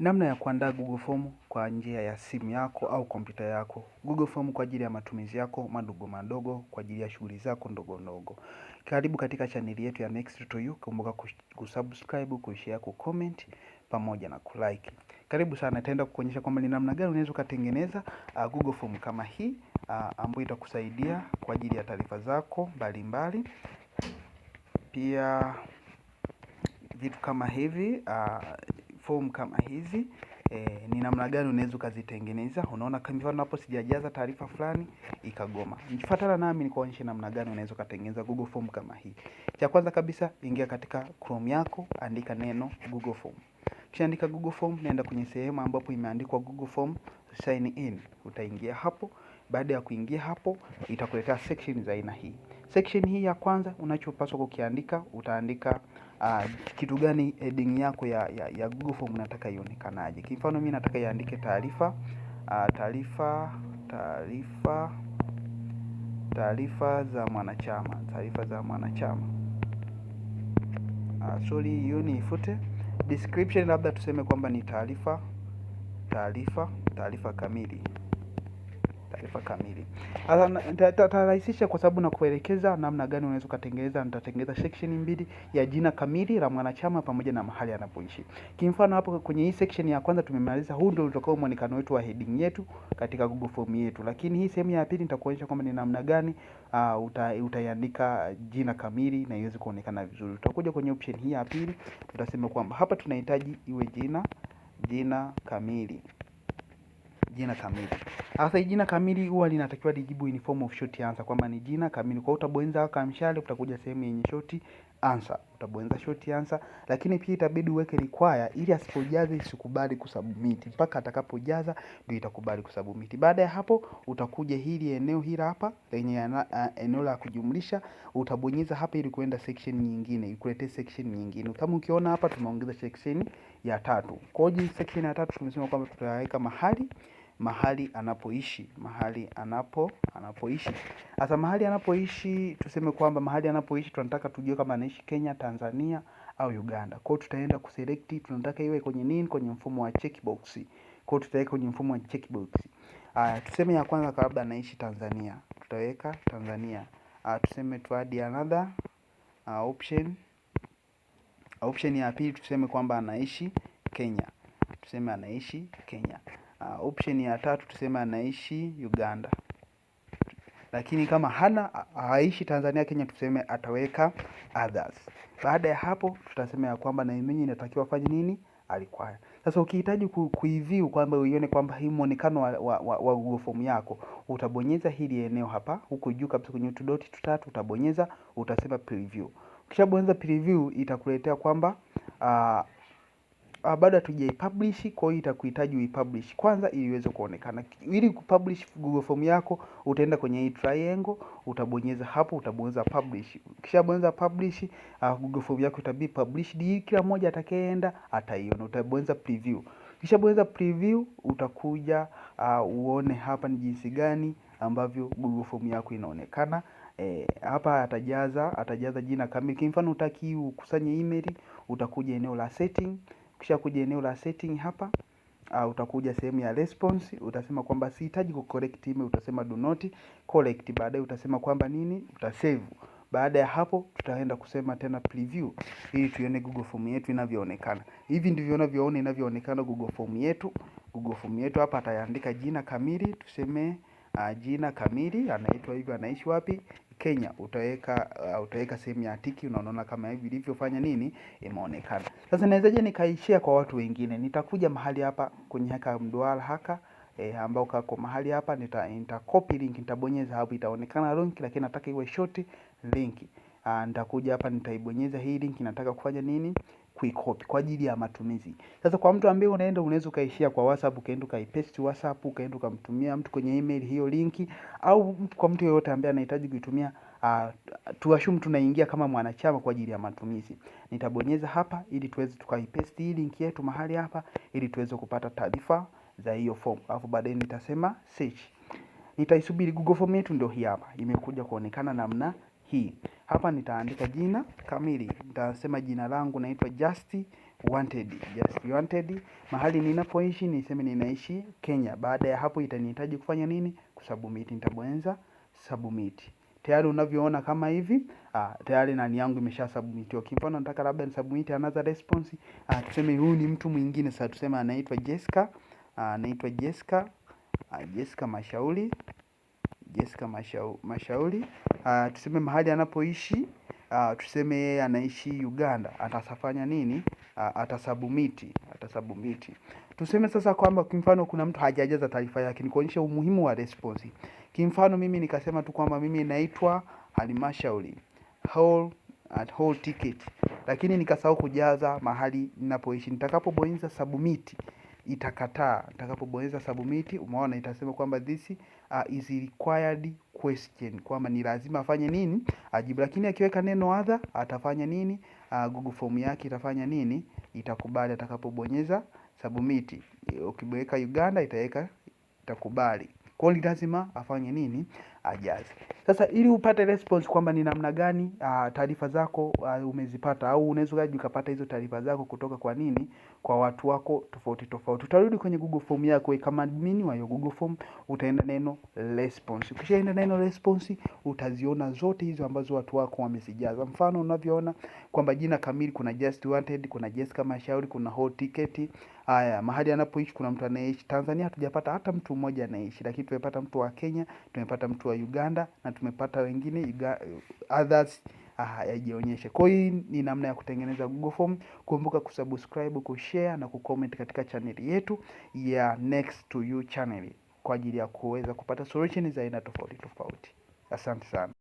Namna ya kuandaa Google Form kwa njia ya simu yako au kompyuta yako. Google Form kwa ajili ya matumizi yako, madogo madogo, kwa ajili ya shughuli zako, ndogo ndogo. Karibu katika chaneli yetu ya Next to You, kumbuka kusubscribe, kushare, kucomment, pamoja na kulike. Karibu sana, nitaenda kukuonyesha kwamba ni namna gani, unaweza ukatengeneza ah, Google Form kama hii, uh, ambayo itakusaidia kwa ajili ya taarifa zako, mbalimbali. Pia vitu kama hivi. uh, form kama hizi e, ni namna gani unaweza ukazitengeneza. Unaona, kama mfano hapo sijajaza taarifa fulani ikagoma, nifuatana nami nikuonyeshe namna gani unaweza ukatengeneza Google Form kama hii. Cha kwanza kabisa, ingia katika Chrome yako, andika neno Google Form. Kisha andika Google Form, nenda kwenye sehemu ambapo imeandikwa Google Form sign in, utaingia hapo. Baada ya kuingia hapo, itakuletea section za aina hii. Section hii ya kwanza unachopaswa kukiandika utaandika uh, kitu gani heading eh, yako ya, ya, ya Google Form unataka ionekanaje. Kwa mfano mimi nataka iandike taarifa uh, taarifa taarifa taarifa za mwanachama taarifa za mwanachama uh, sorry hiyo ni ifute. Description labda tuseme kwamba ni taarifa taarifa taarifa kamili taarifa kamili. Nitarahisisha kwa sababu na kuelekeza namna gani unaweza kutengeneza. Nitatengeneza section mbili ya jina kamili la mwanachama pamoja na mahali anapoishi. Kimfano hapo kwenye hii section ya kwanza tumemaliza, huu ndio utakao muonekano wetu wa heading yetu katika Google Form yetu, lakini hii sehemu ya pili nitakuonyesha kwamba ni namna gani uh, uta, utaiandika jina kamili na iweze kuonekana vizuri. Tutakuja kwenye option hii ya pili, tutasema kwamba hapa tunahitaji iwe jina jina kamili jina kamili. Sasa jina kamili huwa linatakiwa lijibu in form of short answer kwamba ni jina kamili. Kwa hiyo utabonyeza mshale utakuja sehemu yenye short answer. Utabonyeza short answer, lakini pia itabidi uweke require ili asipojaza isikubali kusubmit. Mpaka atakapojaza ndio itakubali kusubmit. Baada ya hapo utakuja hili eneo hili hapa lenye uh, eneo la kujumlisha, utabonyeza hapa ili kuenda section nyingine, ikulete section nyingine. Kama ukiona hapa tumeongeza section ya tatu. Kwa hiyo section ya tatu tumesema kwamba tutaweka mahali mahali anapoishi mahali anapo anapoishi hasa mahali anapoishi tuseme kwamba mahali anapoishi tunataka tujue kama anaishi Kenya, Tanzania au Uganda Kwa tutaenda kuselekti, tunataka iwe kwenye nini kwenye mfumo wa checkbox Kwa tutaweka kwenye mfumo wa checkbox ah, Tuseme ya kwanza kabla anaishi Tanzania Tutaweka Tanzania ah, Tuseme tu add another ah, option option ya pili tuseme kwamba anaishi Kenya Tuseme anaishi Kenya Uh, option ya tatu tuseme anaishi Uganda lakini kama hana haishi Tanzania, Kenya, tuseme ataweka others. Baada ya hapo, tutasema ya kwamba na yeye inatakiwa afanye nini, alikwaya sasa. Ukihitaji kuiview kwamba uione kwamba hii muonekano wa, wa, wa, wa Google Form yako, utabonyeza hili eneo hapa, huko juu kabisa kwenye tudoti tutatu, utabonyeza utasema preview. Ukishabonyeza preview, itakuletea kwamba uh, Ah, bado hatujaipublish kwa hiyo itakuhitaji uipublish kwanza ili iweze kuonekana. Ili kupublish Google Form yako utaenda kwenye hii triangle, utabonyeza hapo, utabonyeza publish. Ukishabonyeza publish, uh, Google Form yako itabi published. Hii kila mmoja atakayeenda ataiona. Utabonyeza preview. Ukishabonyeza preview utakuja uh, uone hapa ni jinsi gani ambavyo Google Form yako inaonekana. E, hapa atajaza atajaza jina kamili. Kwa mfano utaki ukusanye email, utakuja eneo la setting kisha kuja eneo la setting hapa uh, utakuja sehemu ya response, utasema kwamba sihitaji ku correct email, utasema do not correct. Baadaye utasema kwamba nini, utasave. Baada ya hapo, tutaenda kusema tena preview, ili tuione Google Form yetu inavyoonekana. Hivi ndivyo unavyoona inavyoonekana Google Form yetu. Google Form yetu hapa ataandika jina kamili, tuseme Ah, jina kamili anaitwa hivyo, anaishi wapi Kenya, utaweka uh, utaweka sehemu ya tiki, unaona kama hivi ilivyofanya nini, imeonekana sasa. Nawezaje nikaishia kwa watu wengine? Nitakuja mahali hapa kwenye haka mduara haka E, ambao kako mahali hapa nita, nita copy link nitabonyeza hapo, itaonekana link lakini nataka iwe short link. Ah, nitakuja hapa nitaibonyeza hii link, nataka kufanya nini? kuikopi kwa ajili ya matumizi. Sasa kwa mtu ambaye unaenda unaweza ukaishia kwa WhatsApp, ukaenda ukaipaste WhatsApp, ukaenda ukamtumia mtu kwenye email hiyo linki, au kwa mtu yeyote ambaye anahitaji kuitumia. Uh, ah, tuashumu tunaingia kama mwanachama kwa ajili ya matumizi. Nitabonyeza hapa ili tuweze tukaipaste hii link yetu mahali hapa ili tuweze kupata taarifa za hiyo form. Alafu baadaye nitasema search. Nitaisubiri Google Form yetu ndio hii hapa. Imekuja kuonekana namna hii. Hapa nitaandika jina kamili. Nitasema jina langu naitwa Just Wanted. Just Wanted. Mahali ninapoishi niseme ninaishi Kenya. Baada ya hapo itanihitaji kufanya nini? Kusubmit. Nitabonyeza submit. Tayari unavyoona kama hivi, ah, tayari nani yangu imesha submit. Kwa mfano nataka labda ni submit another response. Ah, tuseme huyu ni mtu mwingine sasa, tuseme anaitwa Jessica. Ah, anaitwa Jessica. Ah, Jessica Mashauri. Jessica Mashauri. Ah, tuseme mahali anapoishi, ah, tuseme yeye anaishi Uganda, atasafanya nini? Atasubmiti, ah, atasubmiti. Tuseme sasa kwamba kimfano kuna mtu hajajaza taarifa yake, ni kuonyesha umuhimu wa response. Kimfano mimi nikasema tu kwamba mimi naitwa Halmashauri Hall at Hall Ticket, lakini nikasahau kujaza mahali ninapoishi. Nitakapobonyeza submit itakataa Utakapobonyeza submit umeona itasema kwamba this uh, is required question kwamba ni lazima afanye nini ajibu, lakini akiweka neno other atafanya nini? Uh, Google form yake itafanya nini? Itakubali atakapobonyeza submit. Ukiweka Uganda itaweka itakubali. Kwa hiyo lazima afanye nini? ajali. Sasa ili upate response kwamba ni namna gani uh, taarifa zako uh, umezipata au unaweza kaji ukapata hizo taarifa zako kutoka kwa nini, kwa watu wako tofauti tofauti, utarudi kwenye Google Form yako kama admin wa hiyo Google Form, utaenda neno response. Ukishaenda neno response, utaziona zote hizo ambazo watu wako wamezijaza. Mfano unavyoona kwamba jina kamili, kuna just wanted, kuna Jessica Mashauri, kuna hot ticket. Haya, mahali anapoishi kuna mtu anayeishi Tanzania, hatujapata hata mtu mmoja anayeishi, lakini tumepata mtu wa Kenya, tumepata mtu wa Uganda na tumepata wengine others hayajionyeshe. Ah, kwa hii ni namna ya kutengeneza Google Form. Kumbuka kusubscribe, kushare na kucomment katika chaneli yetu ya Next to You channel kwa ajili ya kuweza kupata solution za aina tofauti tofauti. Asante sana.